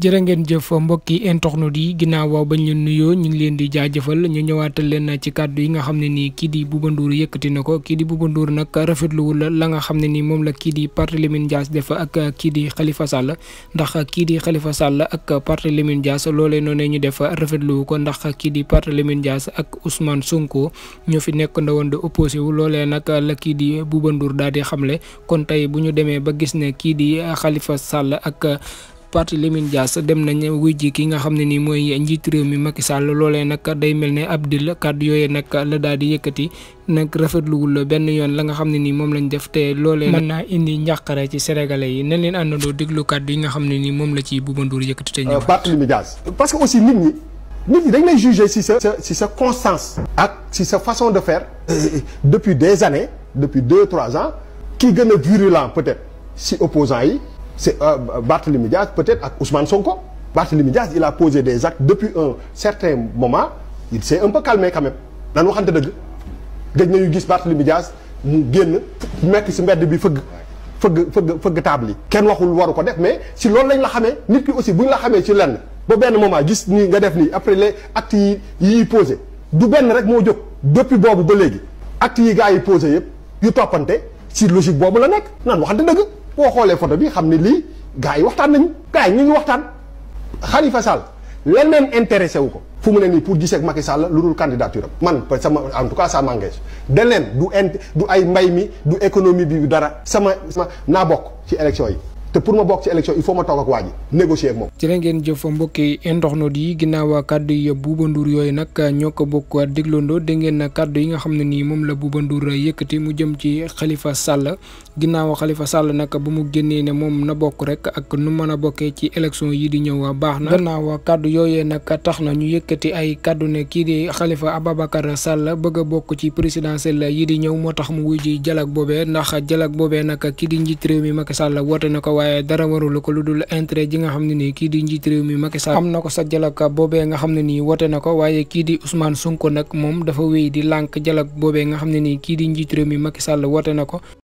jërë ngeen jëf mbokki internet yi ginnaaw bañ leen nuyoo ñu ngi leen di jaajëfal ñu ñëwaatal leen ci kàddu yi nga xam ne nii kii di Bouba Ndour yëkkati na ko di Bouba Ndour nag rafetluwul la nga xam ne nii moom la kii di lemin Dias def ak kii di Khalifa Sall ndax kii di Khalifa Sall ak lemin Dias loolee noonu ñu def rafetlu ko ndax kii di lemin Dias ak Ousmane Sonko ñu fi nekk ndawoon di opposé wu loolee nag la kii di Bouba Ndour daal di xamle kon tey bu ñu demee ba gis ne kii di Khalifa Sall ak parti Lamine Dias dem nañ wuy ki nga xam ni moy mooy njiitu réew mi Macky Sall lolé nak day melné Abdil kaddu yoyé nak la daal di yëkkati nag rafetluwul benn yoon la nga xam ni mom lañ def té lolé mën naa indi njàqare ci sénégalais yi nañ leen àndandoo diglu kaddu yi nga xam ni mom la ci bubandour yëkëti té ñu euh, parti Lamine Dias parce que aussi nit ñi nit ñi dañ lay juger si sa si sa constance. ak si sa façon de faire. depuis des années depuis 2 3 ans. ki gëna a virulent peut-être si opposants yi c'est euh, Barthélémy Diaz peut-être Ousmane Sonko Barthélémy Diaz il a posé des actes depuis un certain moment il s'est un peu calmé quand même nan waxante dëgg gëj nañu gis Barthélémy Diaz mu génn nekk si mbedd bi fëgg fëgg feug fëgg table ken waxul waru ko def mais si loolu lañ la xamé nit ki aussi buñ la xamé ci lenn bo ben moment gis ni nga def ni après les actes yi yi posé du ben rek mo jox depuis bobu ba légui actes yi gars yi posé yépp yu topanté si logique bobu la nek nan waxante deug boo xoolee photo bi xam ne lii gars yi waxtaan nañu gars yi ñu ngi waxtaan Khalifa Sall leneen intéressé wu ko fu mu ne nii pour gisee ak Macky Sall lu dul candidature am man sama en tout cas ça m'engage leneen du int du ay mbay mi du économie bi du dara sama sama naa bokk ci élection yi te pour ma bokk ci élection il faut ma toog ak waa ngeen jëf mbokki ndoxnoot yi ginnaaw kàddu yi Bouba yooyu nag ñoo ko bokk dégloondoo dégg ngeen kàddu yi nga xam ne nii moom la Bouba Ndour yëkkati mu jëm ci Khalifa Sall ginnaaw Khalifa Sall nag ba mu génnee ne moom na bokk rek ak nu mën a bokkee ci élection yi di ñëw baax na. gannaaw kàddu yooyee nag tax na ñu yëkkati ay kàddu kii di Khalifa Ababacar Sall bëgg bokk ci présidentielle yi di ñëw moo tax mu wuy ji jalak boobee ndax jalak boobee nag kii di njiit réew mi Macky Sall woote na ko waye dara warulu ko luddul intérêt ji nga xamni ni ki di njit rew mi Macky Sall am ko sa jalak bobé nga xamni ni woté nako waye ki di Ousmane Sonko nak mom dafa wéy di lank jalak bobé nga xamni ni ki di njit rew mi Macky Sall woté nako